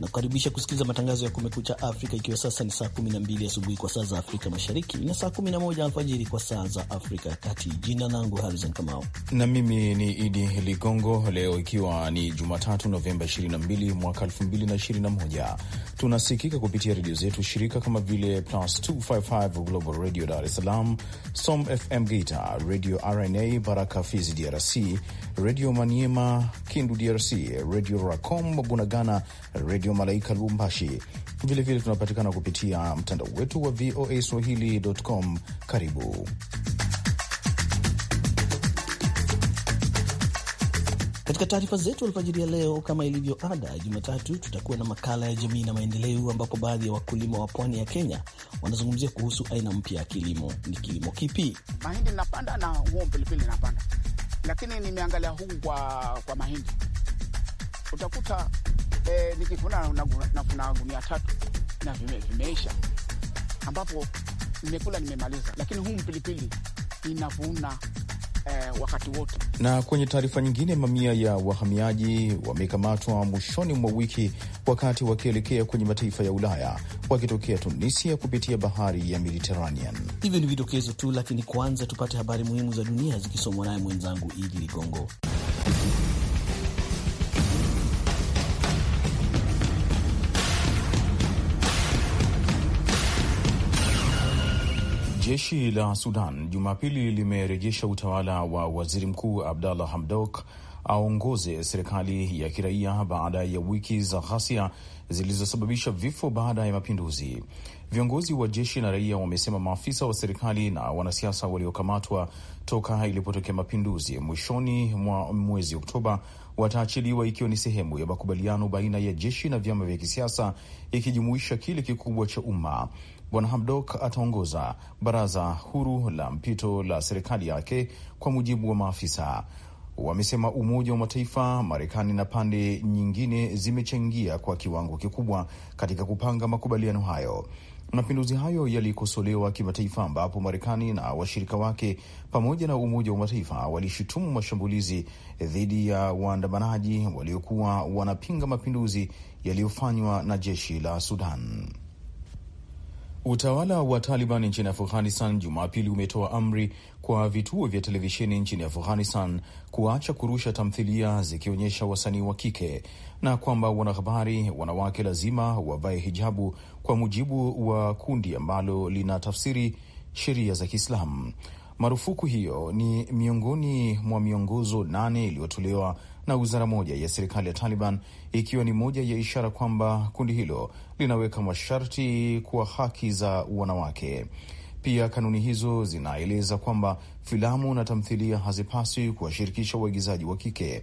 na kukaribisha kusikiliza matangazo ya Kumekucha Afrika, ikiwa sasa ni saa 12 asubuhi kwa saa za Afrika Mashariki na saa 11 alfajiri kwa saa za Afrika ya Kati. Jina langu Harrison Kamau na mimi ni Idi Ligongo. Leo ikiwa ni Jumatatu, Novemba 22 mwaka 2021, tunasikika kupitia redio zetu shirika kama vile Plus 255 Global Radio Dar es Salaam, Som FM Gita, Radio RNA Baraka Fizi DRC, Radio Maniema Kindu DRC, Radio Racom Bunagana, Radio Redio Malaika Lubumbashi. Vilevile tunapatikana kupitia mtandao wetu wa VOA Swahili.com. Karibu katika taarifa zetu alfajiri ya leo. Kama ilivyo ada, Jumatatu tutakuwa na makala ya jamii na maendeleo, ambapo baadhi ya wakulima wa pwani ya Kenya wanazungumzia kuhusu aina mpya ya kilimo. Ni kilimo kipi? Mahindi napanda na huo pilipili napanda, lakini nimeangalia huu kwa, kwa mahindi utakuta eh, nikivuna navuna gunia tatu na vime, vimeisha ambapo nimekula nimemaliza, lakini huu mpilipili inavuna eh, wakati wote. Na kwenye taarifa nyingine, mamia ya wahamiaji wamekamatwa mwishoni mwa wiki wakati wakielekea kwenye mataifa ya Ulaya wakitokea Tunisia kupitia bahari ya Mediterranean. Hivyo ni vidokezo tu, lakini kwanza tupate habari muhimu za dunia zikisomwa naye mwenzangu Idi Ligongo. Jeshi la Sudan Jumapili limerejesha utawala wa waziri mkuu Abdallah Hamdok aongoze serikali ya kiraia baada ya wiki za ghasia zilizosababisha vifo baada ya mapinduzi. Viongozi wa jeshi na raia wamesema maafisa wa serikali na wanasiasa waliokamatwa toka ilipotokea mapinduzi mwishoni mwa mwezi Oktoba wataachiliwa ikiwa ni sehemu ya makubaliano baina ya jeshi na vyama vya kisiasa ikijumuisha kile kikubwa cha umma. Bwana Hamdok ataongoza baraza huru la mpito la serikali yake, kwa mujibu wa maafisa wamesema. Umoja wa Mataifa, Marekani na pande nyingine zimechangia kwa kiwango kikubwa katika kupanga makubaliano hayo. Mapinduzi hayo yalikosolewa kimataifa, ambapo Marekani na washirika wake pamoja na Umoja wa Mataifa walishutumu mashambulizi dhidi ya waandamanaji waliokuwa wanapinga mapinduzi yaliyofanywa na jeshi la Sudan. Utawala wa Taliban nchini Afghanistan Jumapili umetoa amri kwa vituo vya televisheni nchini Afghanistan kuacha kurusha tamthilia zikionyesha wasanii wa kike na kwamba wanahabari wanawake lazima wavae hijabu kwa mujibu wa kundi ambalo linatafsiri sheria za Kiislamu. Marufuku hiyo ni miongoni mwa miongozo nane iliyotolewa na wizara moja ya serikali ya Taliban, ikiwa ni moja ya ishara kwamba kundi hilo linaweka masharti kwa haki za wanawake. Pia kanuni hizo zinaeleza kwamba filamu na tamthilia hazipaswi kuwashirikisha waigizaji wa kike.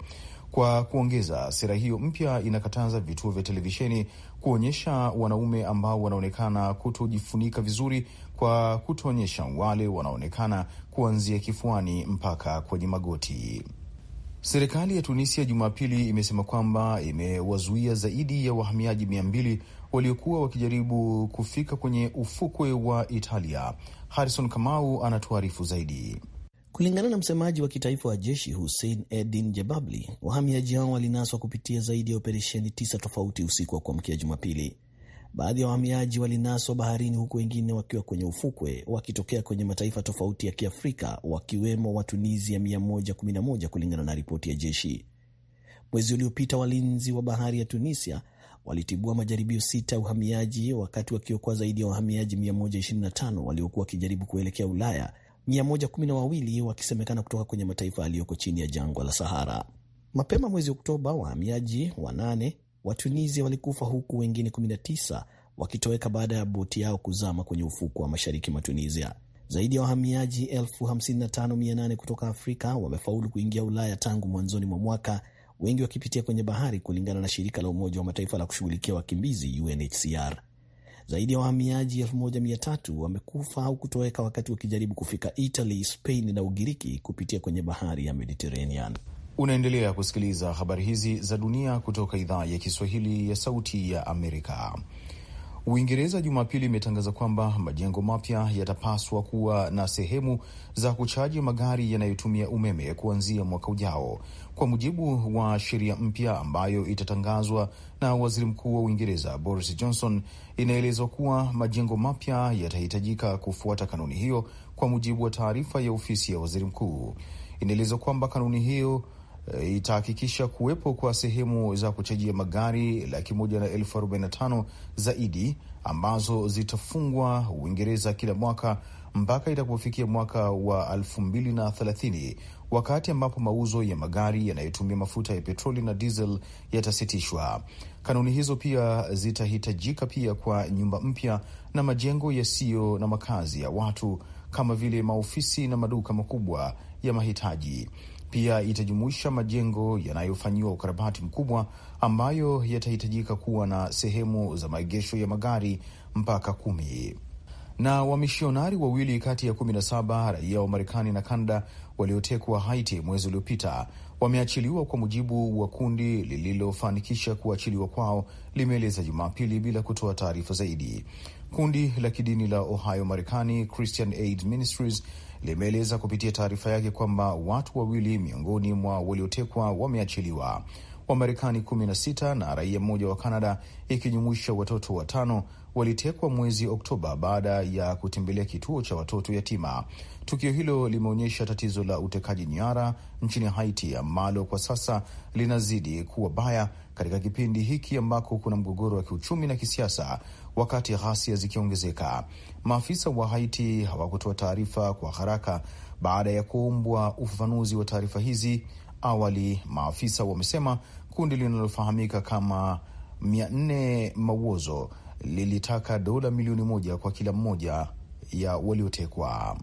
Kwa kuongeza, sera hiyo mpya inakataza vituo vya televisheni kuonyesha wanaume ambao wanaonekana kutojifunika vizuri kwa kutoonyesha wale wanaonekana kuanzia kifuani mpaka kwenye magoti. Serikali ya Tunisia Jumapili imesema kwamba imewazuia zaidi ya wahamiaji mia mbili waliokuwa wakijaribu kufika kwenye ufukwe wa Italia. Harison Kamau anatuarifu zaidi. Kulingana na msemaji wa kitaifa wa jeshi Hussein Edin Jebabli, wahamiaji hao walinaswa kupitia zaidi ya operesheni tisa tofauti usiku wa kuamkia Jumapili. Baadhi ya wahamiaji walinaswa baharini, huku wengine wakiwa kwenye ufukwe wakitokea kwenye mataifa tofauti ya Kiafrika, wakiwemo Watunisia 111 kulingana na ripoti ya jeshi. Mwezi uliopita walinzi wa bahari ya Tunisia walitibua majaribio sita ya uhamiaji wakati wakiokoa zaidi ya wahamiaji 125 waliokuwa wakijaribu kuelekea Ulaya, 112 wakisemekana kutoka kwenye mataifa yaliyoko chini ya jangwa la Sahara. Mapema mwezi Oktoba, wahamiaji wanane Watunisia walikufa huku wengine 19 wakitoweka baada ya boti yao kuzama kwenye ufukwa wa mashariki mwa Tunisia. Zaidi ya wahamiaji 55,800 kutoka Afrika wamefaulu kuingia Ulaya tangu mwanzoni mwa mwaka, wengi wakipitia kwenye bahari, kulingana na shirika la Umoja wa Mataifa la kushughulikia wakimbizi UNHCR. Zaidi ya wahamiaji 1,300 wamekufa au kutoweka wakati wakijaribu kufika Italy, Spain na Ugiriki kupitia kwenye bahari ya Mediterranean. Unaendelea kusikiliza habari hizi za dunia kutoka idhaa ya Kiswahili ya Sauti ya Amerika. Uingereza Jumapili imetangaza kwamba majengo mapya yatapaswa kuwa na sehemu za kuchaji magari yanayotumia umeme kuanzia mwaka ujao, kwa mujibu wa sheria mpya ambayo itatangazwa na waziri mkuu wa Uingereza Boris Johnson. Inaelezwa kuwa majengo mapya yatahitajika kufuata kanuni hiyo, kwa mujibu wa taarifa ya ofisi ya waziri mkuu. Inaelezwa kwamba kanuni hiyo Eh, itahakikisha kuwepo kwa sehemu za kuchajia magari laki moja na elfu arobaini na tano zaidi ambazo zitafungwa Uingereza kila mwaka mpaka itakapofikia mwaka wa elfu mbili na thelathini wakati ambapo mauzo ya magari yanayotumia mafuta ya petroli na diesel yatasitishwa. Kanuni hizo pia zitahitajika pia kwa nyumba mpya na majengo yasiyo na makazi ya watu kama vile maofisi na maduka makubwa ya mahitaji pia itajumuisha majengo yanayofanyiwa ukarabati mkubwa ambayo yatahitajika kuwa na sehemu za maegesho ya magari mpaka kumi. Na wamishionari wawili kati ya kumi na saba raia wa Marekani na Kanada waliotekwa Haiti mwezi uliopita wameachiliwa kwa mujibu wa kundi lililofanikisha kuachiliwa kwao limeeleza Jumapili bila kutoa taarifa zaidi. Kundi la kidini la Ohio Marekani, Christian Aid Ministries limeeleza kupitia taarifa yake kwamba watu wawili miongoni mwa waliotekwa wameachiliwa. Wamarekani 16 na raia mmoja wa Kanada ikijumuisha watoto watano walitekwa mwezi Oktoba baada ya kutembelea kituo cha watoto yatima. Tukio hilo limeonyesha tatizo la utekaji nyara nchini Haiti ambalo kwa sasa linazidi kuwa baya katika kipindi hiki ambako kuna mgogoro wa kiuchumi na kisiasa, wakati ghasia zikiongezeka. Maafisa wa Haiti hawakutoa taarifa kwa haraka baada ya kuombwa ufafanuzi wa taarifa hizi. Awali maafisa wamesema kundi linalofahamika kama mia nne Mauozo lilitaka dola milioni moja kwa kila mmoja ya waliotekwa.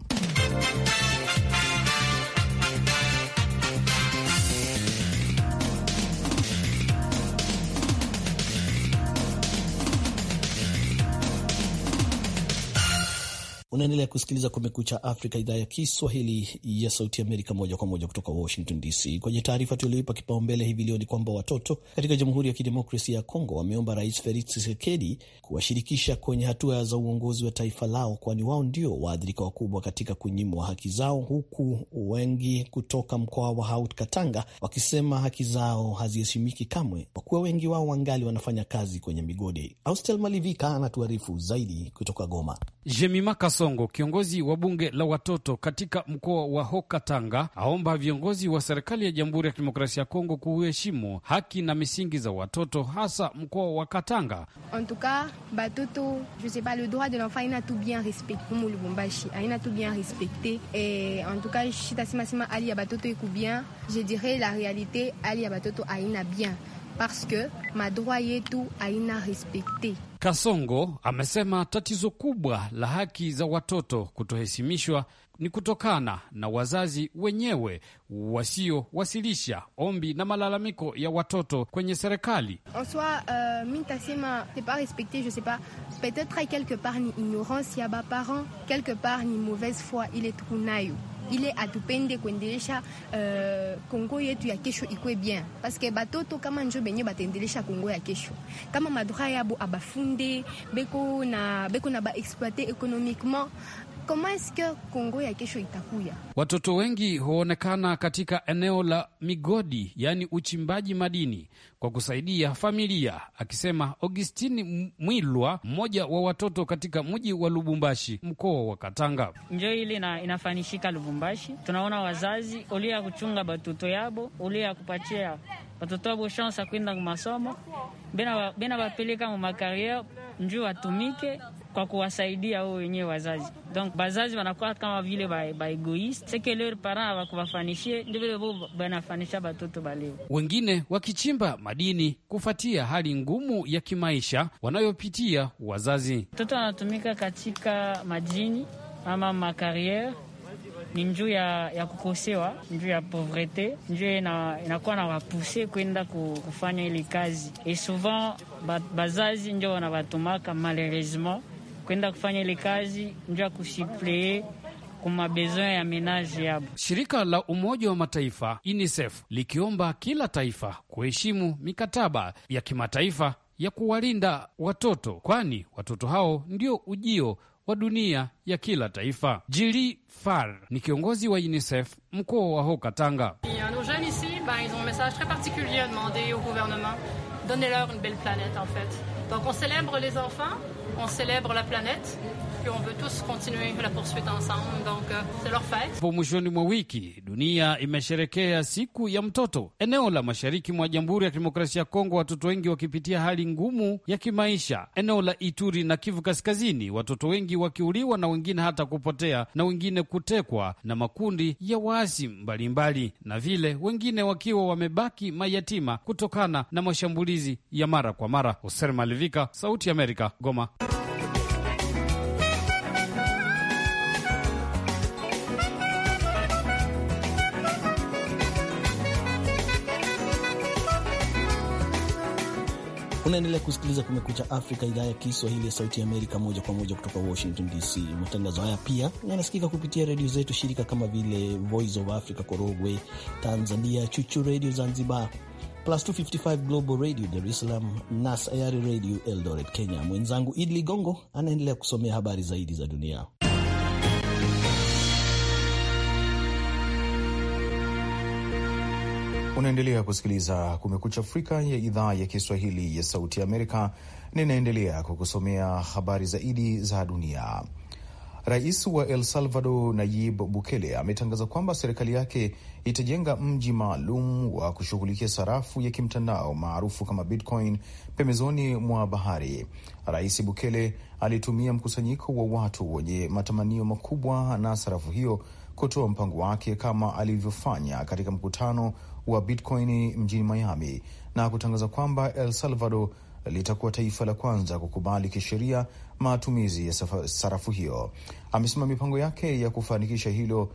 Unaendelea kusikiliza Kumekucha Afrika, idhaa ya Kiswahili ya Sauti Amerika, moja kwa moja kutoka Washington DC. Kwenye taarifa tulioipa kipaumbele hivi leo ni kwamba watoto katika Jamhuri ya Kidemokrasia ya Kongo wameomba Rais Felix Tshisekedi kuwashirikisha kwenye hatua za uongozi wa taifa lao, kwani wao ndio waathirika wakubwa katika kunyimwa haki zao, huku wengi kutoka mkoa wa Haut Katanga wakisema haki zao haziheshimiki kamwe kwa kuwa wengi wao wangali wanafanya kazi kwenye migodi. Austel Malivika anatuarifu zaidi kutoka Goma. Jemima Kasongo, kiongozi wa bunge la watoto katika mkoa wa Hoka Tanga, aomba viongozi wa serikali ya Jamhuri ya Kidemokrasia ya Kongo kuheshimu haki na misingi za watoto, hasa mkoa wa Katanga. En tout cas batoto je sais pas le droit de l'enfant aina tout bien respecte kumu Lubumbashi aina tout bien respecte et en tout cas shitasemasema ali ya batoto iku bien je dirais la realite ali ya batoto aina bien parce que ma droit yetu haina respecte. Kasongo amesema tatizo kubwa la haki za watoto kutoheshimishwa ni kutokana na wazazi wenyewe wasiowasilisha ombi na malalamiko ya watoto kwenye serikali. En uh, mi ntasema c'est pas respecte, je sais pas, peut-être quelque part ni ignorance ya ba baparent, quelque part ni mauvaise foi ile tukunayo ile atupende kuendelesha uh, Kongo yetu ya kesho ikwe bien, paske batoto kama njo benye bataendelesha Kongo ya kesho, kama madura yabo abafunde beko na, beko na baexploite ekonomikement Kongo ya kesho itakuya. Watoto wengi huonekana katika eneo la migodi, yaani uchimbaji madini, kwa kusaidia familia, akisema Augustini Mwilwa, mmoja wa watoto katika mji wa Lubumbashi, mkoa wa Katanga. Njo na inafanishika Lubumbashi, tunaona wazazi ulio ya kuchunga batoto yabo, ulio ya kupatia batoto yabo shansa kwenda masomo bena bapeleka mumakarier njuu watumike kwa kuwasaidia wao wenyewe wazazi. Donc bazazi wanakuwa kama vile baegoist ba seke leur parent wakuwafanishie ndio vile vo wanafanisha batoto baleo. Wengine wakichimba madini kufatia hali ngumu ya kimaisha wanayopitia wazazi. Mtoto anatumika katika majini ama makariere ni njuu ya, ya kukosewa, njuu ya povrete, njuu inakuwa na wapuse kwenda kufanya ile kazi, e souvent bazazi njo wanawatumaka malheureusement kwenda kufanya ile kazi njo ya ya menaje yabo. Shirika la Umoja wa Mataifa UNICEF likiomba kila taifa kuheshimu mikataba ya kimataifa ya kuwalinda watoto, kwani watoto hao ndio ujio wa dunia ya kila taifa. Jili Far ni kiongozi wa UNICEF mkoa wa Hoka Tanga. Euh, on célèbre la planète puis on veut tous continuer la poursuite ensemble, donc euh, c'est leur fête. Hapo mwishoni mwa wiki dunia imesherekea siku ya mtoto. Eneo la mashariki mwa Jamhuri ya Kidemokrasia ya Kongo, watoto wengi wakipitia hali ngumu ya kimaisha. Eneo la Ituri na Kivu Kaskazini, watoto wengi wakiuliwa na wengine hata kupotea na wengine kutekwa na makundi ya waasi mbalimbali, na vile wengine wakiwa wamebaki mayatima kutokana na mashambulizi ya mara kwa mara. Hoser Malivika, Sauti ya Amerika, Goma. Unaendelea kusikiliza Kumekucha Afrika, idhaa ya Kiswahili ya Sauti ya Amerika, moja kwa moja kutoka Washington DC. Matangazo haya pia yanasikika kupitia redio zetu shirika kama vile Voice of Africa Korogwe Tanzania, Chuchu Redio Zanzibar, Plus 255 Global Radio Dar es Salaam na Sayari Radio Eldoret Kenya. Mwenzangu Idli Gongo anaendelea kusomea habari zaidi za dunia. Unaendelea kusikiliza Kumekucha Afrika ya idhaa ya Kiswahili ya Sauti ya Amerika. Ninaendelea kukusomea habari zaidi za dunia. Rais wa El Salvador Nayib Bukele ametangaza kwamba serikali yake itajenga mji maalum wa kushughulikia sarafu ya kimtandao maarufu kama Bitcoin pembezoni mwa bahari. Rais Bukele alitumia mkusanyiko wa watu wenye matamanio makubwa na sarafu hiyo kutoa mpango wake kama alivyofanya katika mkutano wa Bitcoin mjini Miami na kutangaza kwamba El Salvador litakuwa taifa la kwanza kukubali kisheria matumizi ya sarafu hiyo. Amesema mipango yake ya kufanikisha hilo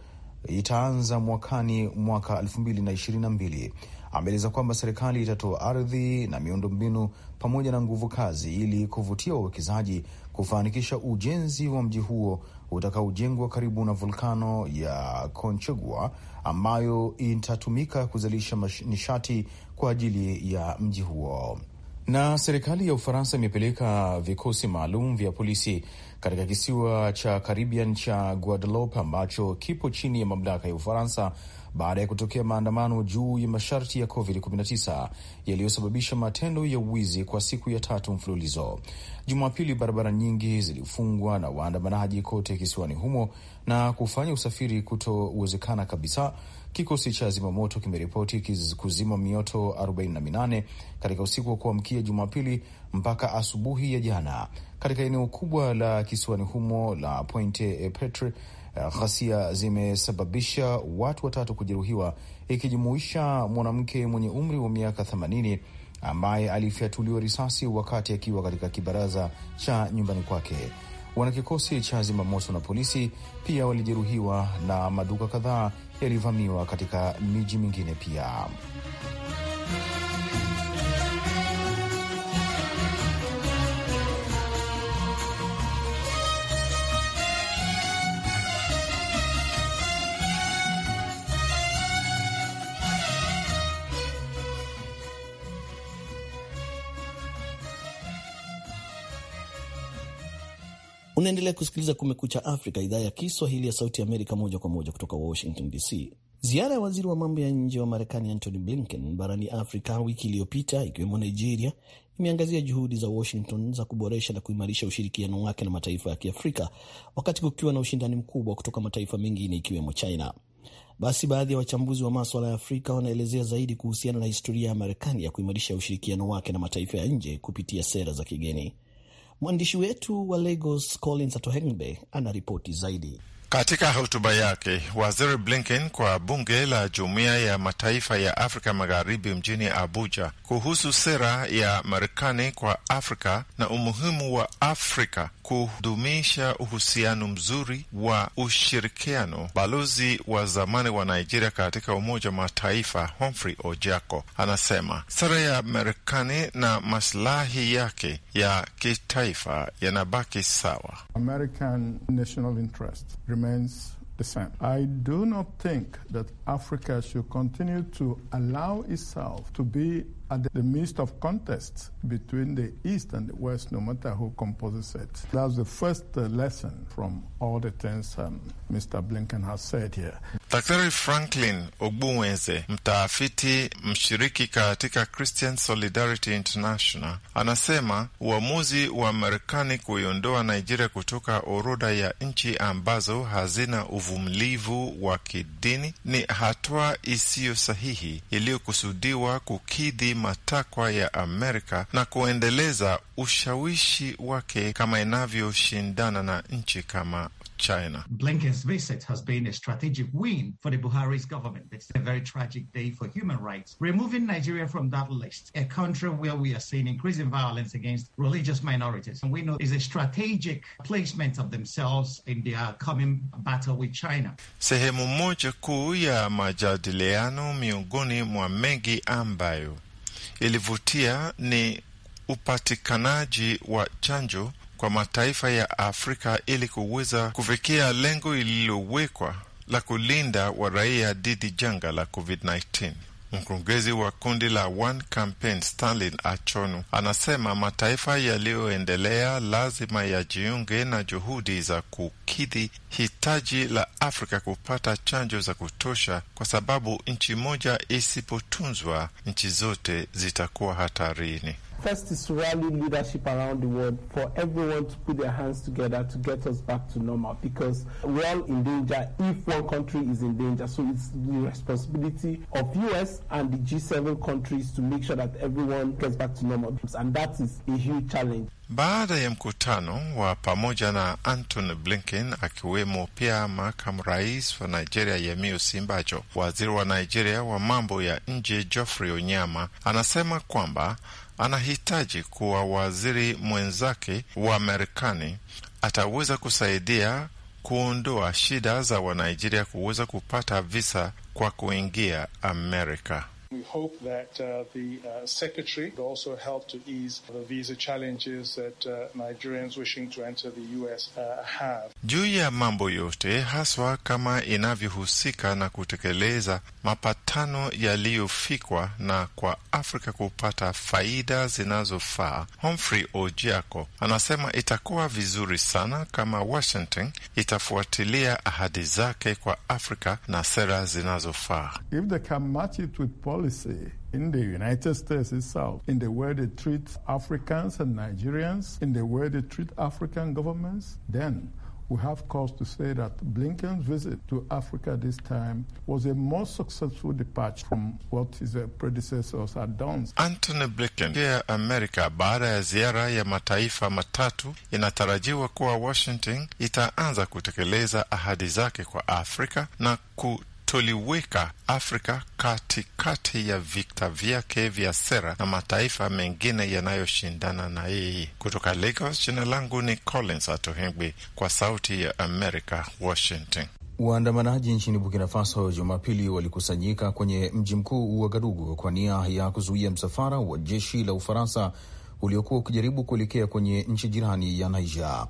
itaanza mwakani mwaka elfu mbili na ishirini na mbili. Ameeleza kwamba serikali itatoa ardhi na miundombinu pamoja na nguvu kazi ili kuvutia wawekezaji kufanikisha ujenzi wa mji huo utakaojengwa karibu na volkano ya Konchegua ambayo itatumika kuzalisha nishati kwa ajili ya mji huo. Na serikali ya Ufaransa imepeleka vikosi maalum vya polisi katika kisiwa cha Caribbean cha Guadeloupe ambacho kipo chini ya mamlaka ya Ufaransa baada ya kutokea maandamano juu ya masharti ya COVID-19 yaliyosababisha matendo ya uwizi kwa siku ya tatu mfululizo. Jumapili, barabara nyingi zilifungwa na waandamanaji kote kisiwani humo na kufanya usafiri kutowezekana kabisa Kikosi cha zimamoto kimeripoti kuzima mioto 48 katika usiku wa kuamkia Jumapili mpaka asubuhi ya jana katika eneo kubwa la kisiwani humo la Pointe Petre. Eh, ghasia zimesababisha watu watatu kujeruhiwa, ikijumuisha mwanamke mwenye umri wa miaka 80 ambaye alifyatuliwa risasi wakati akiwa katika kibaraza cha nyumbani kwake. Wanakikosi cha zimamoto na polisi pia walijeruhiwa na maduka kadhaa yalivamiwa katika miji mingine pia. Unaendelea kusikiliza Kumekucha Afrika, idhaa ya Kiswahili ya Sauti Amerika, moja kwa moja kutoka Washington DC. Ziara ya waziri wa mambo ya nje wa Marekani Antony Blinken barani Afrika wiki iliyopita, ikiwemo Nigeria, imeangazia juhudi za Washington za kuboresha na kuimarisha ushirikiano wake na mataifa ya Kiafrika, wakati kukiwa na ushindani mkubwa kutoka mataifa mengine ikiwemo China. Basi baadhi ya wachambuzi wa maswala ya Afrika wanaelezea zaidi kuhusiana na historia ya Marekani ya kuimarisha ushirikiano wake na mataifa ya nje kupitia sera za kigeni. Mwandishi wetu wa Lagos Collins Atohengbe ana ripoti zaidi. Katika hotuba yake waziri Blinken kwa bunge la Jumuiya ya Mataifa ya Afrika Magharibi mjini Abuja kuhusu sera ya Marekani kwa Afrika na umuhimu wa Afrika kudumisha uhusiano mzuri wa ushirikiano, balozi wa zamani wa Nigeria katika Umoja wa Mataifa Humphrey Ojako anasema sera ya Marekani na masilahi yake ya kitaifa yanabaki sawa. American national interest. remains the same. I do not think that Africa should continue to allow itself to be at the midst of contests between the East and the West, no matter who composes it. That's the first uh, lesson from all the things um, Mr. Blinken has said here. Daktari Franklin Ogbuweze, mtafiti mshiriki katika Christian Solidarity International, anasema uamuzi wa Marekani kuiondoa Nigeria kutoka orodha ya nchi ambazo hazina uvumilivu wa kidini ni hatua isiyo sahihi iliyokusudiwa kukidhi matakwa ya Amerika na kuendeleza ushawishi wake kama inavyoshindana na nchi kama China. Blinken's visit has been a strategic win for the Buhari's government. It's a very tragic day for human rights. Removing Nigeria from that list, a country where we are seeing increasing violence against religious minorities, and we know is a strategic placement of themselves in their coming battle with China. Sehemu moja kuu ya majadiliano miongoni mwa mengi ambayo ilivutia ni upatikanaji wa chanjo kwa mataifa ya Afrika ili kuweza kufikia lengo lililowekwa la kulinda wa raia dhidi janga la COVID-19. Mkurugenzi wa kundi la One Campaign Stanley Achonu anasema mataifa yaliyoendelea lazima yajiunge na juhudi za kukidhi hitaji la Afrika kupata chanjo za kutosha, kwa sababu nchi moja isipotunzwa, nchi zote zitakuwa hatarini first is to rally leadership around the world for everyone to put their hands together to get us back to normal because we're all in danger if one country is in danger. So it's the responsibility of US and the G7 countries to make sure that everyone gets back to normal and that is a huge challenge. Baada ya mkutano wa pamoja na Anton Blinken akiwemo pia makamu rais wa Nigeria Yemi Simbacho, waziri wa Nigeria wa mambo ya nje Geoffrey Onyama anasema kwamba anahitaji kuwa waziri mwenzake wa Marekani ataweza kusaidia kuondoa shida za Wanigeria kuweza kupata visa kwa kuingia Amerika. We hope that uh, the uh, secretary will also help to ease the visa challenges that uh, Nigerians wishing to enter the US uh, have. Juu ya mambo yote haswa kama inavyohusika na kutekeleza mapatano yaliyofikwa na kwa Afrika kupata faida zinazofaa, Humphrey Ojiako anasema itakuwa vizuri sana kama Washington itafuatilia ahadi zake kwa Afrika na sera zinazofaa. If they can match it with policy policy in the United States itself, in the way they treat Africans and Nigerians, in the way they treat African governments, then we have cause to say that Blinken's visit to Africa this time was a more successful departure from what his uh, predecessors had done. Antony Blinken pia America, baada ya ziara ya mataifa matatu, inatarajiwa kuwa Washington itaanza kutekeleza ahadi zake kwa Afrika na ku kutoliweka Afrika katikati ya vikta vyake vya sera na mataifa mengine yanayoshindana na yeye. Kutoka Lagos, jina langu ni Collins Atohengwi kwa Sauti ya America, Washington. Waandamanaji nchini Burkina Faso Jumapili walikusanyika kwenye mji mkuu wa gadugu kwa nia ya kuzuia msafara wa jeshi la Ufaransa uliokuwa ukijaribu kuelekea kwenye nchi jirani ya Niger.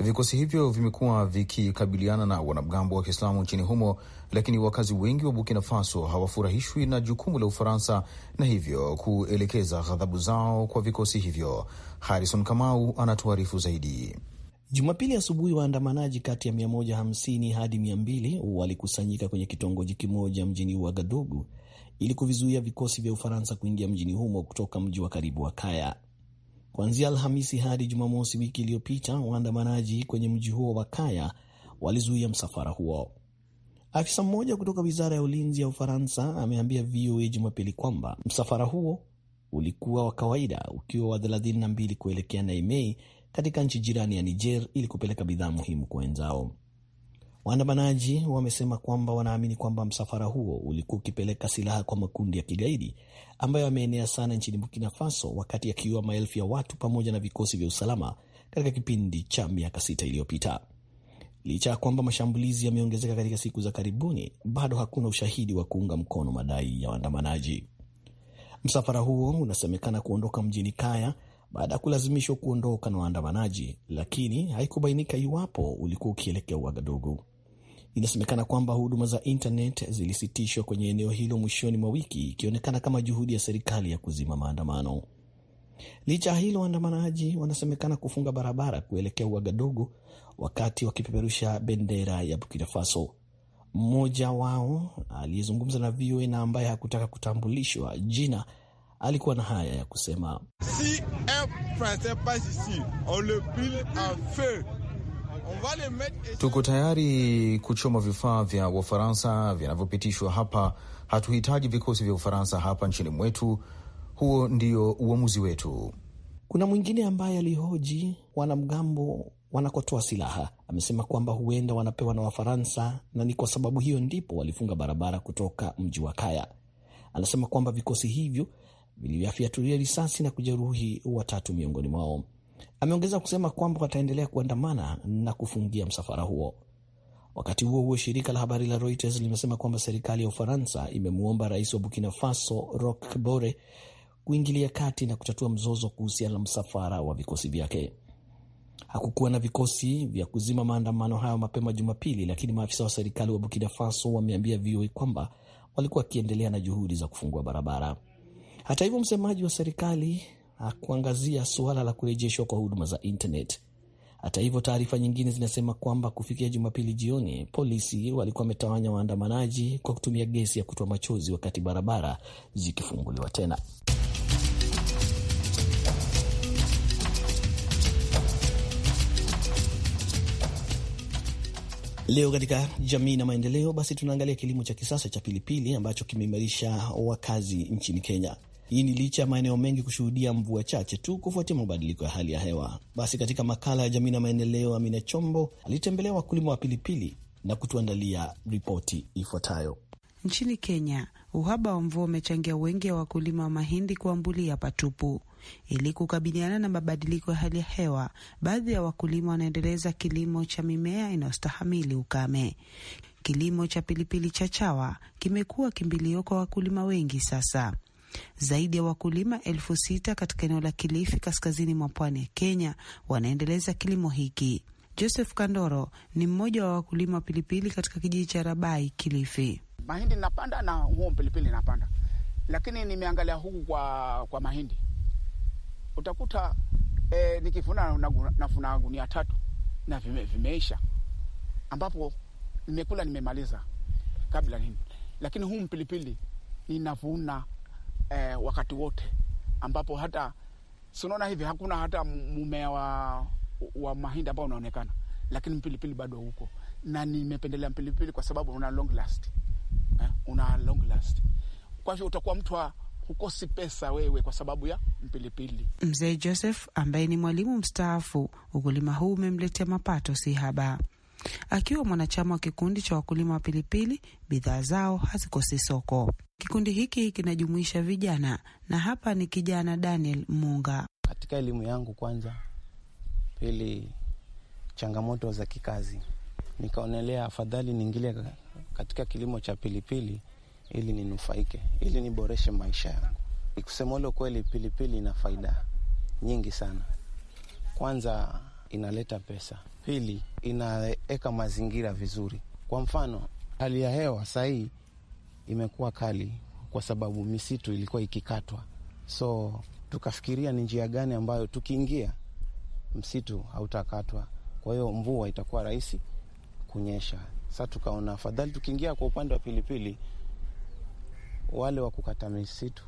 Vikosi hivyo vimekuwa vikikabiliana na wanamgambo wa Kiislamu nchini humo, lakini wakazi wengi wa Burkina Faso hawafurahishwi na jukumu la Ufaransa na hivyo kuelekeza ghadhabu zao kwa vikosi hivyo. Harison Kamau anatuarifu zaidi. Jumapili asubuhi waandamanaji kati ya 150 hadi 200 walikusanyika kwenye kitongoji kimoja mjini Uagadugu ili kuvizuia vikosi vya Ufaransa kuingia mjini humo kutoka mji wa karibu wa Kaya. Kuanzia Alhamisi hadi Jumamosi wiki iliyopita, waandamanaji kwenye mji huo wa Kaya walizuia msafara huo. Afisa mmoja kutoka wizara ya ulinzi ya Ufaransa ameambia VOA Jumapili kwamba msafara huo ulikuwa wa kawaida, ukiwa wa 32 kuelekea Naimei katika nchi jirani ya Niger ili kupeleka bidhaa muhimu kwa wenzao. Waandamanaji wamesema kwamba wanaamini kwamba msafara huo ulikuwa ukipeleka silaha kwa makundi ya kigaidi ambayo yameenea sana nchini Burkina Faso, wakati akiwa maelfu ya watu pamoja na vikosi vya usalama katika kipindi cha miaka sita iliyopita. Licha ya kwamba mashambulizi yameongezeka katika siku za karibuni, bado hakuna ushahidi wa kuunga mkono madai ya waandamanaji. Msafara huo unasemekana kuondoka mjini Kaya baada ya kulazimishwa kuondoka na waandamanaji, lakini haikubainika iwapo ulikuwa ukielekea Uagadugu. Inasemekana kwamba huduma za internet zilisitishwa kwenye eneo hilo mwishoni mwa wiki, ikionekana kama juhudi ya serikali ya kuzima maandamano. Licha ya hilo, waandamanaji wanasemekana kufunga barabara kuelekea dogo wakati wakipeperusha bendera ya Burkina Faso. Mmoja wao aliyezungumza na VOA na ambaye hakutaka kutambulishwa jina alikuwa na haya ya kusema si Tuko tayari kuchoma vifaa vya Wafaransa vinavyopitishwa hapa. Hatuhitaji vikosi vya Ufaransa hapa nchini mwetu. Huo ndio uamuzi wetu. Kuna mwingine ambaye alihoji wanamgambo wanakotoa silaha. Amesema kwamba huenda wanapewa na Wafaransa na ni kwa sababu hiyo ndipo walifunga barabara kutoka mji wa Kaya. Anasema kwamba vikosi hivyo vilivyofiatulia risasi na kujeruhi watatu miongoni mwao. Ameongeza kusema kwamba wataendelea kuandamana na kufungia msafara huo. Wakati huo huo, shirika la habari la Reuters limesema kwamba serikali ya Ufaransa imemwomba rais wa Burkina Faso Roch Kabore kuingilia kati na kutatua mzozo kuhusiana na msafara wa vikosi vyake. Hakukuwa na vikosi vya kuzima maandamano hayo mapema Jumapili, lakini maafisa wa serikali wa Burkina Faso wameambia VOA kwamba walikuwa wakiendelea na juhudi za kufungua barabara. Hata hivyo, msemaji wa serikali hakuangazia suala la kurejeshwa kwa huduma za internet. Hata hivyo, taarifa nyingine zinasema kwamba kufikia Jumapili jioni, polisi walikuwa wametawanya waandamanaji kwa kutumia gesi ya kutoa machozi wakati barabara zikifunguliwa tena. Leo katika jamii na maendeleo, basi tunaangalia kilimo cha kisasa cha pilipili ambacho kimeimarisha wakazi nchini Kenya. Hii ni licha ya maeneo mengi kushuhudia mvua chache tu kufuatia mabadiliko ya hali ya hewa. Basi katika makala ya jamii na maendeleo, Amina Chombo alitembelea wakulima wa pilipili na kutuandalia ripoti ifuatayo. Nchini Kenya, uhaba wa mvua umechangia wengi wa wakulima wa mahindi kuambulia patupu. Ili kukabiliana na mabadiliko ya hali ya hewa, baadhi ya wakulima wanaendeleza kilimo cha mimea inayostahamili ukame. Kilimo cha pilipili cha chawa kimekuwa kimbilio kwa wakulima wengi sasa. Zaidi ya wakulima elfu sita katika eneo la Kilifi kaskazini mwa pwani ya Kenya wanaendeleza kilimo hiki. Joseph Kandoro ni mmoja wa wakulima wa pilipili katika kijiji cha Rabai, Kilifi. Mahindi napanda na huo pilipili napanda, lakini nimeangalia huku kwa, kwa mahindi utakuta e, eh, nikifuna nafuna gunia tatu na vime, vimeisha ambapo nimekula nimemaliza kabla nini, lakini huu mpilipili ninavuna eh, wakati wote ambapo hata sinaona hivi hakuna hata mmea wa, wa mahindi ambao unaonekana, lakini mpilipili bado huko, na nimependelea mpilipili kwa sababu una long last eh, una long last. Kwa hiyo utakuwa mtu hukosi pesa wewe kwa sababu ya mpilipili. Mzee Joseph ambaye ni mwalimu mstaafu, ukulima huu umemletea mapato si haba. Akiwa mwanachama wa kikundi cha wakulima wa pilipili, bidhaa zao hazikosi soko. Kikundi hiki kinajumuisha vijana, na hapa ni kijana Daniel Munga. Katika elimu yangu kwanza, pili changamoto za kikazi, nikaonelea afadhali niingilie katika kilimo cha pilipili ili ninufaike, ili niboreshe maisha yangu. Kusema ule kweli, pilipili ina faida nyingi sana. Kwanza inaleta pesa, pili inaweka mazingira vizuri. Kwa mfano, hali ya hewa sahii imekuwa kali kwa sababu misitu ilikuwa ikikatwa, so tukafikiria ni njia gani ambayo tukiingia msitu hautakatwa, kwa hiyo mvua itakuwa rahisi kunyesha. Sa tukaona afadhali tukiingia kwa upande wa pilipili, wale wa kukata misitu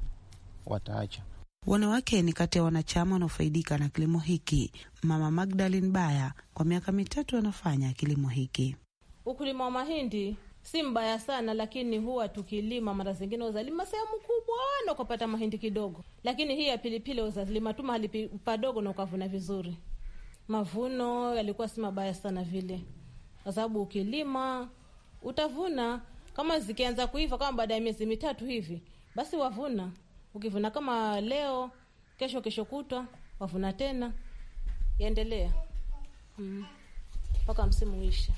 wataacha Wanawake ni kati ya wanachama wanaofaidika na kilimo hiki. Mama Magdalene Baya kwa miaka mitatu anafanya kilimo hiki. Ukulima wa mahindi si mbaya sana, lakini huwa tukilima mara zingine uzalima sehemu kubwa na ukapata mahindi kidogo, lakini hii ya pilipili uzalima tu mahali padogo na ukavuna vizuri. Mavuno yalikuwa si mabaya sana vile, kwa sababu ukilima utavuna. Kama zikianza kuiva kama baada ya miezi mitatu hivi, basi wavuna Ukivuna kama leo, kesho, kesho kutwa wavuna tena, yaendelea mm. mpaka mm, msimu uishe.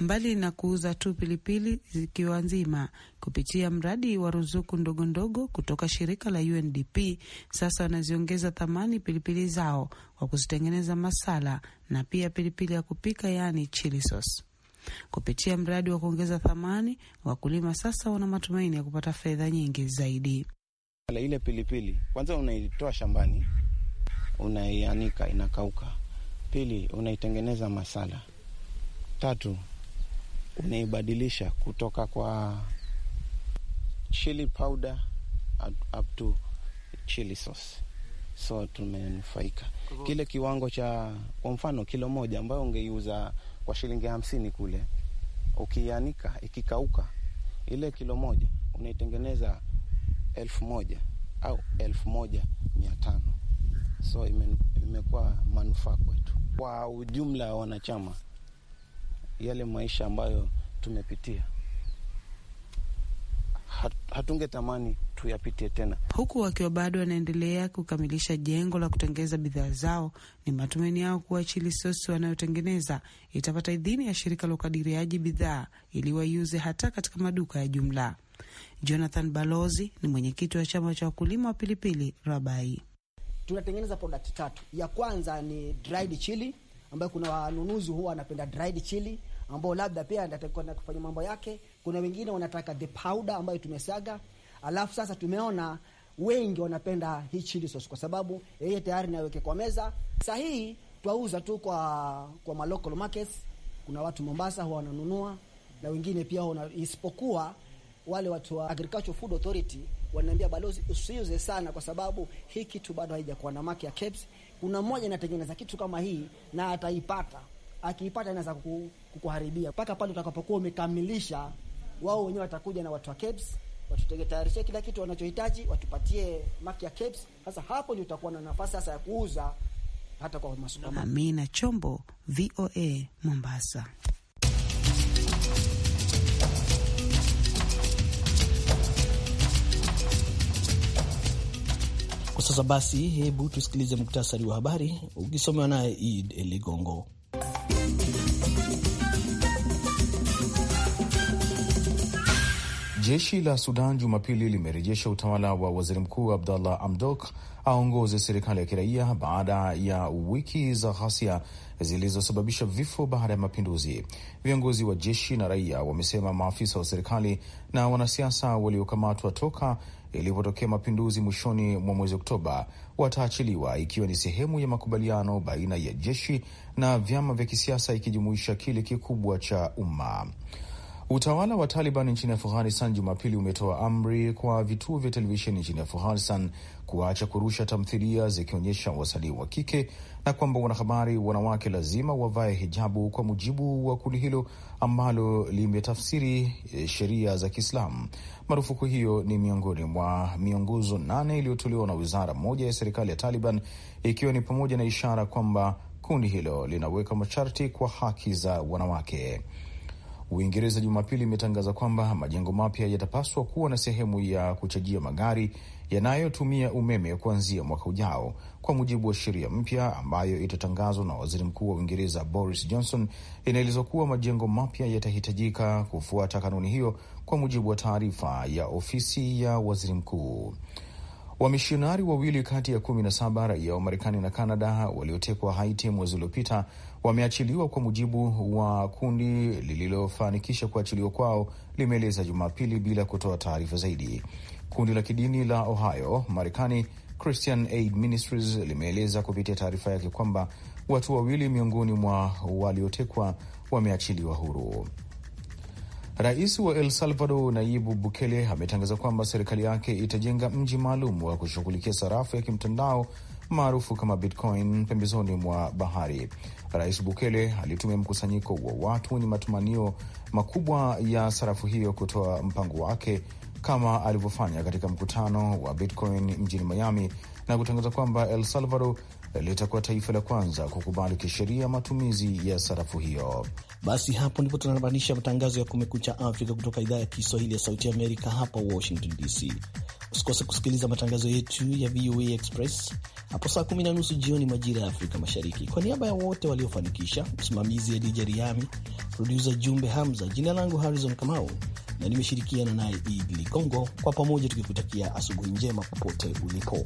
Mbali na kuuza tu pilipili zikiwa nzima kupitia mradi wa ruzuku ndogo ndogo kutoka shirika la UNDP, sasa wanaziongeza thamani pilipili zao kwa kuzitengeneza masala na pia pilipili ya kupika, yaani chili sauce. Kupitia mradi wa kuongeza thamani, wakulima sasa wana matumaini ya kupata fedha nyingi zaidi. Ile pilipili kwanza unaitoa shambani, unaianika inakauka. Pili, unaitengeneza masala. Tatu, unaibadilisha kutoka kwa chili powder up to chili sauce. So tumenufaika kile kiwango cha, kwa mfano kilo moja ambayo ungeiuza kwa shilingi hamsini kule, ukianika ikikauka, ile kilo moja unaitengeneza elfu moja au elfu moja mia tano so ime, imekuwa manufaa kwetu kwa ujumla ya wanachama. Yale maisha ambayo tumepitia hatungetamani tuyapitie tena. Huku wakiwa bado wanaendelea kukamilisha jengo la kutengeneza bidhaa zao, ni matumaini yao kuwa chili sosi wanayotengeneza itapata idhini ya shirika la ukadiriaji bidhaa ili waiuze hata katika maduka ya jumla. Jonathan Balozi ni mwenyekiti wa chama cha wakulima wa pilipili Rabai. Tunatengeneza product tatu. Ya kwanza ni dried chili ambayo kuna wanunuzi huwa wanapenda dried chili ambao labda pia anataka kufanya mambo yake. Kuna wengine wanataka the powder ambayo tumesaga. Alafu sasa tumeona wengi wanapenda hii chili sauce kwa sababu yeye tayari naweke kwa meza. Sasa hii twauza tu kwa kwa ma local markets. Kuna watu Mombasa huwa wananunua na wengine pia wana, isipokuwa wale watu wa Agricultural Food Authority wananiambia, balozi, usiuze sana, kwa sababu hii kitu bado haijakuwa na maki ya KEBS. Kuna mmoja anatengeneza kitu kama hii na ataipata, akiipata inaweza kukuharibia mpaka pale utakapokuwa umekamilisha. Wao wenyewe watakuja na watu wa KEBS watutayarishie kila kitu wanachohitaji, watupatie maki ya KEBS. Sasa hapo ndio utakuwa na nafasi sasa ya kuuza hata kwa masuka. Amina Chombo, VOA, Mombasa. Sasa basi, hebu tusikilize muktasari wa habari ukisomewa naye Id Ligongo. Jeshi la Sudan Jumapili limerejesha utawala wa waziri mkuu Abdallah Amdok aongoze serikali ya kiraia baada ya wiki za ghasia zilizosababisha vifo baada ya mapinduzi. Viongozi wa jeshi na raia wamesema maafisa wa serikali na wanasiasa waliokamatwa toka ilipotokea mapinduzi mwishoni mwa mwezi Oktoba wataachiliwa, ikiwa ni sehemu ya makubaliano baina ya jeshi na vyama vya kisiasa ikijumuisha kile kikubwa cha umma. Utawala wa Taliban nchini Afghanistan Jumapili umetoa amri kwa vituo vya televisheni nchini Afghanistan kuacha kurusha tamthilia zikionyesha wasalii wa kike na kwamba wanahabari wanawake lazima wavae hijabu kwa mujibu wa kundi hilo ambalo limetafsiri eh, sheria za Kiislamu. Marufuku hiyo ni miongoni mwa miongozo nane iliyotolewa na wizara moja ya serikali ya Taliban, ikiwa ni pamoja na ishara kwamba kundi hilo linaweka masharti kwa haki za wanawake. Uingereza Jumapili imetangaza kwamba majengo mapya yatapaswa kuwa na sehemu ya kuchajia magari yanayotumia umeme kuanzia mwaka ujao, kwa mujibu wa sheria mpya ambayo itatangazwa na waziri mkuu wa Uingereza Boris Johnson. Inaelezwa kuwa majengo mapya yatahitajika kufuata kanuni hiyo, kwa mujibu wa taarifa ya ofisi ya waziri mkuu. Wamishonari wawili kati ya kumi na saba raia wa Marekani na Kanada waliotekwa Haiti mwezi uliopita wameachiliwa kwa mujibu wa kundi lililofanikisha kuachiliwa kwao limeeleza Jumapili bila kutoa taarifa zaidi. Kundi la kidini la Ohio Marekani, Christian Aid Ministries, limeeleza kupitia taarifa yake kwamba watu wawili miongoni mwa waliotekwa wameachiliwa huru. Rais wa El Salvador Nayibu Bukele ametangaza kwamba serikali yake itajenga mji maalum wa kushughulikia sarafu ya kimtandao maarufu kama Bitcoin pembezoni mwa bahari. Rais Bukele alitumia mkusanyiko wa watu wenye matumanio makubwa ya sarafu hiyo kutoa mpango wake kama alivyofanya katika mkutano wa Bitcoin mjini Miami na kutangaza kwamba El Salvador litakuwa taifa la kwanza kukubali kisheria matumizi ya sarafu hiyo. Basi hapo ndipo tunabainisha matangazo ya Kumekucha Afrika kutoka idhaa ya Kiswahili ya Sauti Amerika hapa Washington DC. Usikose kusikiliza matangazo yetu ya VOA Express hapo saa kumi na nusu jioni majira ya Afrika Mashariki. Kwa niaba ya wote waliofanikisha, msimamizi Adija Riami, produsa Jumbe Hamza, jina langu Harrison Kamau na nimeshirikiana naye Idi Ligongo, kwa pamoja tukikutakia asubuhi njema popote ulipo.